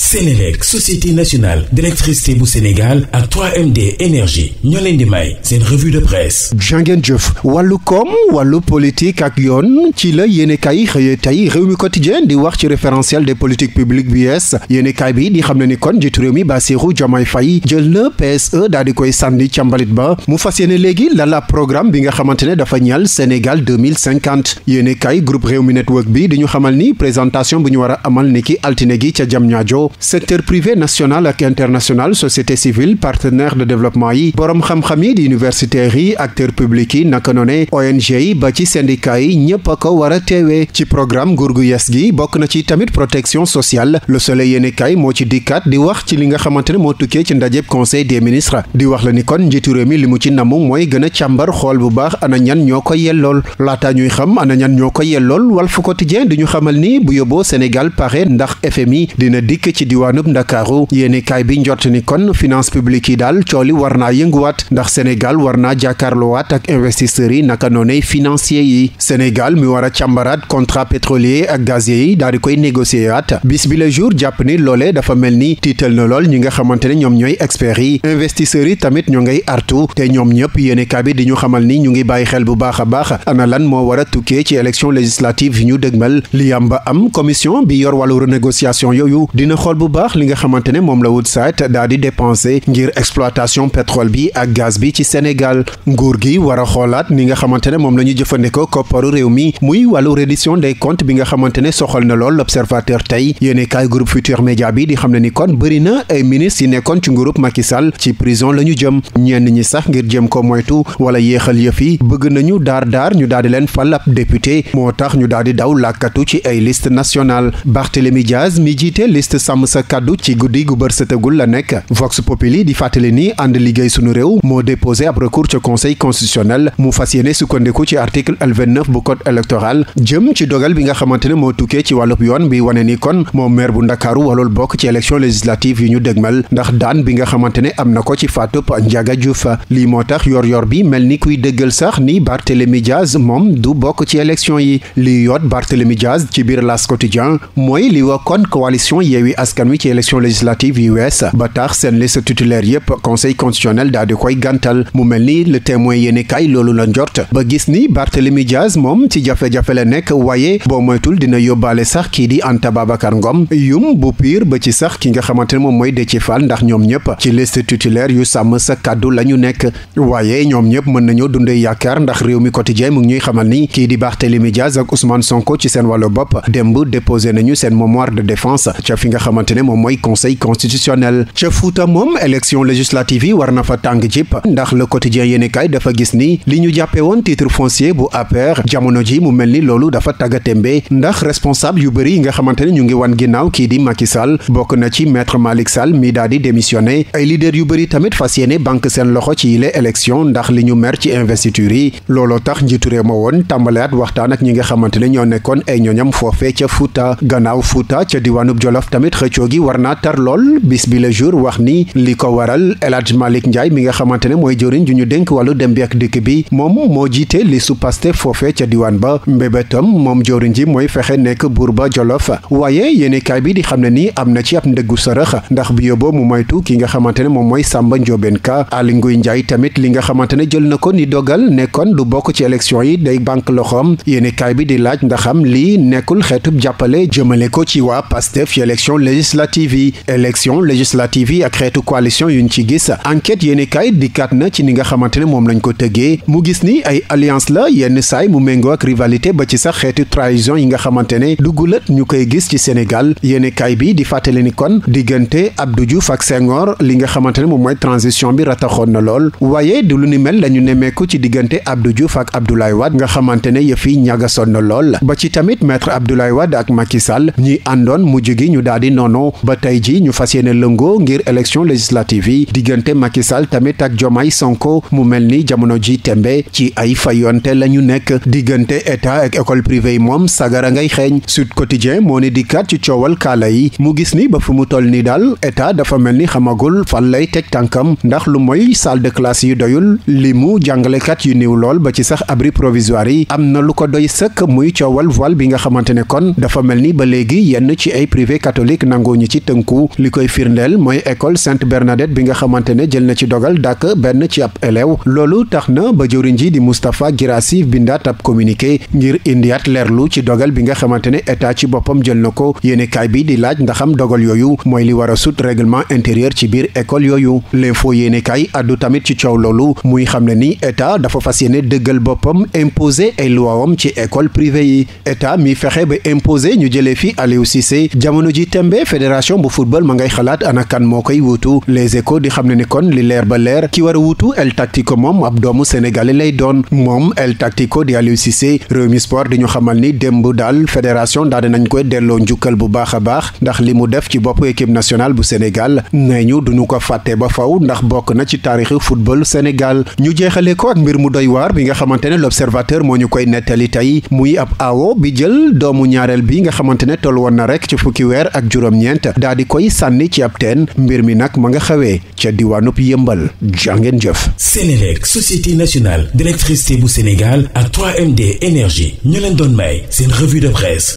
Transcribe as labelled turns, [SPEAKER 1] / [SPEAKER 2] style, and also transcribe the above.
[SPEAKER 1] Sénélec société nationale d'électricité bu Sénégal ak 3MD énergie ñoo leen di may seen revue de presse. jàngeen jëf wàllu koom wàllu politique ak yoon ci la yéenekaay xëye tey réew mi quotidien di wax ci référentiel des politiques publiques bi yees yéenekaay bi di xam ne ni kon jiitu réew mi Bassirou Diomaye fay jël na PSE daal di koy sànni ca mbalit ba mu fas yéene léegi la la programme bi nga xamante ne dafa ñal Sénégal 2050 yéenekaay groupe réew mi network bi di xamal ni présentation bu ñu war a amal niki altine gi ca Diamniadio Diallo secteur privé national ak international société civile partenaire de développement yi boroom xam-xam yi di universitaires yi acteur public yi naka noone ONG yi ba ci syndicat yi ñépp a ko war a teewee ci programme nguur yees gi bokk na ci tamit protection sociale Le Soleil yéenekaay moo ci dikkaat di wax ci li nga xamante ne moo tukkee ci ndajeb conseil des ministres di wax la ni kon njiitu réew mi li mu ci namu mooy gën a càmbar xool bu baax ana ñan ñoo ko yellool laataa ñuy xam ana ñan ñoo ko yellool Walf Quotidien ni bu yóbboo Sénégal ci diwaanub ndakaaru yéeni bi njort ni kon finance publique yi daal cooli war naa yënguwaat ndax sénégal war naa jàkkaarloowaat ak investisseurs yi naka noonee financier yi sénégal mi war a càmbaraat contrat pétrolier ak gaz yi daal di koy négocier waat bis bi le jour jàpp ni loole dafa mel ni tiital na lool ñi nga xamante ne ñoom ñooy experts yi investisseurs yi tamit ñoo ngay artu te ñoom ñëpp yéeni kaay bi di ñu xamal ni ñu ngi bàyyi xel bu baax a baax ana lan moo war a tukkee ci élection législative yi ñu dëgmal li am ba am commission bi yor wàllu renégociation yooyu xool bu baax li nga xamante ne moom la Woodside daal di dépensé ngir exploitation pétrole bi ak gaz bi ci Sénégal nguur gi war a xoolaat ni nga xamante ne moom la ñu jëfandikoo kopparu réew mi muy wàllu reddition des comptes bi nga xamante ne soxal na lool l'observateur tey yéene kaay groupe Futur Média bi di xam ne ni kon bëri na ay ministres yi nekkoon ci nguurub Macky Sall ci prison la ñu jëm ñenn ñi sax ngir jëm ko moytu wala yéexal yëf yi bëgg nañu daar daar ñu daal di leen fal ab moo tax ñu daal di daw làkkatu ci ay liste nationale sàmm sa kàddu ci guddi gu bër setagul la nekk Vox Populi di fàttali ni ànd liggéey sunu réew moo déposé ab recours ca conseil constitutionnel mu fas yéene sukkandiku ci article L29 bu code électoral jëm ci dogal bi nga xamante ne moo tukkee ci wàllub yoon bi wane ni kon moom maire bu ndakaaru walul bokk ci élection législative yu ñu dëgmal ndax daan bi nga xamante ne am na ko ci faatub Ndiaga Diouf lii moo tax yor-yor bi mel ni kuy dëggal sax ni Barthélémy Diaz moom du bokk ci élection yi lii yoot Barthélémy Diaz ci biir L'As Quotidien mooy askan wi ci élection législative yi wees ba tax seen liste titulaire yépp conseil constitutionnel daal di koy gantal mu mel ni le témoin yéene kaay loolu la njort ba gis ni Barthélemy Diaz moom ci jafe-jafe la nekk waaye boo moytul dina yóbbaale sax kii di Anta Babacar Ngom yum bu piir ba ci sax ki nga xamante ne moom mooy Déthié Fall ndax ñoom ñëpp ci liste titulaire yu sàmm sa kàddu la ñu nekk waaye ñoom ñëpp mën nañoo dundee yaakaar ndax réew mi quotidien mu ñuy xamal kii di Barthélemy Diaz ak Ousmane Sonko ci seen wàllu bopp démb déposé nañu seen mémoire de défense ca fi nga xamante ne moom mooy conseil constitutionnel ca Fuuta moom élection législative yi war na fa tàng jip ndax le quotidien yéenekaay dafa gis ni li ñu jàppe woon titre foncier bu APR jamono ji mu mel ni loolu dafa tàggatémbe ndax responsable yu bëri yi nga xamante ne ñu ngi wan ginnaaw kii di Macky Sall bokk na ci maître Malick Sall mi daal di démissionné ay leader yu bëri tamit fas yéene banque seen loxo ci yile élection ndax li ñu mer ci investiture yi looloo tax njiitu réew ma woon tàmbalaat waxtaan ak ñi nga xamante ne ñoo nekkoon ay ñooñam foofee ca Fuuta gannaaw Fuuta ca diwaanub Jolof tamit xëccoo gi war naa tar lool bis bi le jour wax ni li ko waral El Hadj Malick mi nga xamante ne mooy jëriñ ju ñu dénk wàllu dem dikk bi moom moo jiite li su Pastef foofe ca diwaan ba mbébétam moom jëriñ ji mooy fexe nekk buur ba Jolof waaye yéenekaay bi di xam ne ni am na ci ab ndëggu sërëx ndax bu yóbboo mu moytu ki nga xamante ne moom mooy Samba Ndiobène Ka Aly Ngouille Ndiaye tamit li nga xamante ne jël na ko ni dogal nekkoon du bokk ci élection yi day banque loxoom yéenekaay bi di laaj ndaxam li nekkul xeetub jàppale jëmale ko ci waa Pastef ci élection législative yi élection législative yi ak xeetu coalition yuñ ci gis enquête yéen kaay dikkaat na ci ni nga xamante ne moom lañ ko tëggee mu gis ni ay alliance la yenn saay mu méngoo ak rivalité ba ci sax xeetu trahison yi nga xamante ne duggulat ñu koy gis ci Sénégal yéen kaay bi di fàttali ni kon diggante Abdou Diouf ak sengoor li nga xamante ne moom mooy transition bi rataxoon na lool waaye du lu ni mel lañu nemmeeku ci diggante Abdou Diouf ak Abdoulaye Wade nga xamante ne yëf yi ñagasoon na lool ba ci tamit maître Abdoulaye Wade ak Macky Sall noonu ba tey ji ñu fas yéene lëngoo ngir élection législative yi diggante Macky Sall tamit ak Jomaay Sonko mu mel ni jamono ji tembe ci ay fayonte la ñu nekk diggante état ak école privée yi moom sagara ngay xeeñ Sud Quotidien moo ni dikkaat ci coowal kaala yi mu gis ni ba fu mu toll ni daal état dafa mel ni xamagul fan lay teg tànkam ndax lu mooy salle de classe yu doyul li mu jàngalekat yu néew lool ba ci sax abri provisoire yi am na lu ko doy sëkk muy coowal voile bi nga xamante ne kon dafa mel ni ba léegi nangoo ñu ci tënku li koy firndeel mooy école Sainte Bernadette bi nga xamante ne jël na ci dogal dàkk benn ci ab élève loolu tax na ba jëwriñ ji di Moustapha Guirassy bindaat ab communiqué ngir indiat leerlu ci dogal bi nga xamante ne état ci boppam jël na ko yéenekaay bi di laaj ndaxam dogal yooyu mooy li war a sut règlement intérieur ci biir école yooyu l'info yéenekaay addu tamit ci coow loolu muy xam ne ni état dafa fas yéene dëggal boppam imposer ay luwaawam ci école privée yi état mi fexe ba imposer ñu jëlee fi Aliou tombé fédération bu football ma ngay xalaat ana kan moo koy wuutu les échos di xam ne ni kon li leer ba leer ki war a wuutu El Tactico moom ab doomu sénégalais lay doon moom El Tactico di Aliou Cissé Rewmi Sport di ñu xamal ni démb daal fédération di nañ koy delloo njukkal bu baax a baax ndax li mu def ci bopp équipe nationale bu Sénégal nee ñu duñu ko fàtte ba faw ndax bokk na ci taarixu football Sénégal ñu jeexale ko ak mbir mu doy waar bi nga xamante ne l'observateur moo ñu koy nettali tey muy ab awo bi jël doomu ñaareel bi nga xamante ne tol na rek ci fukki weer juróom-ñeent di koy sànni ci ab mbir mi nag ma nga xawee ca diwaanub yëmbal jàngeen jëf Sénélec société nationale d'électricité bu Sénégal ak 3MD énergie ñu leen doon may seen revue de presse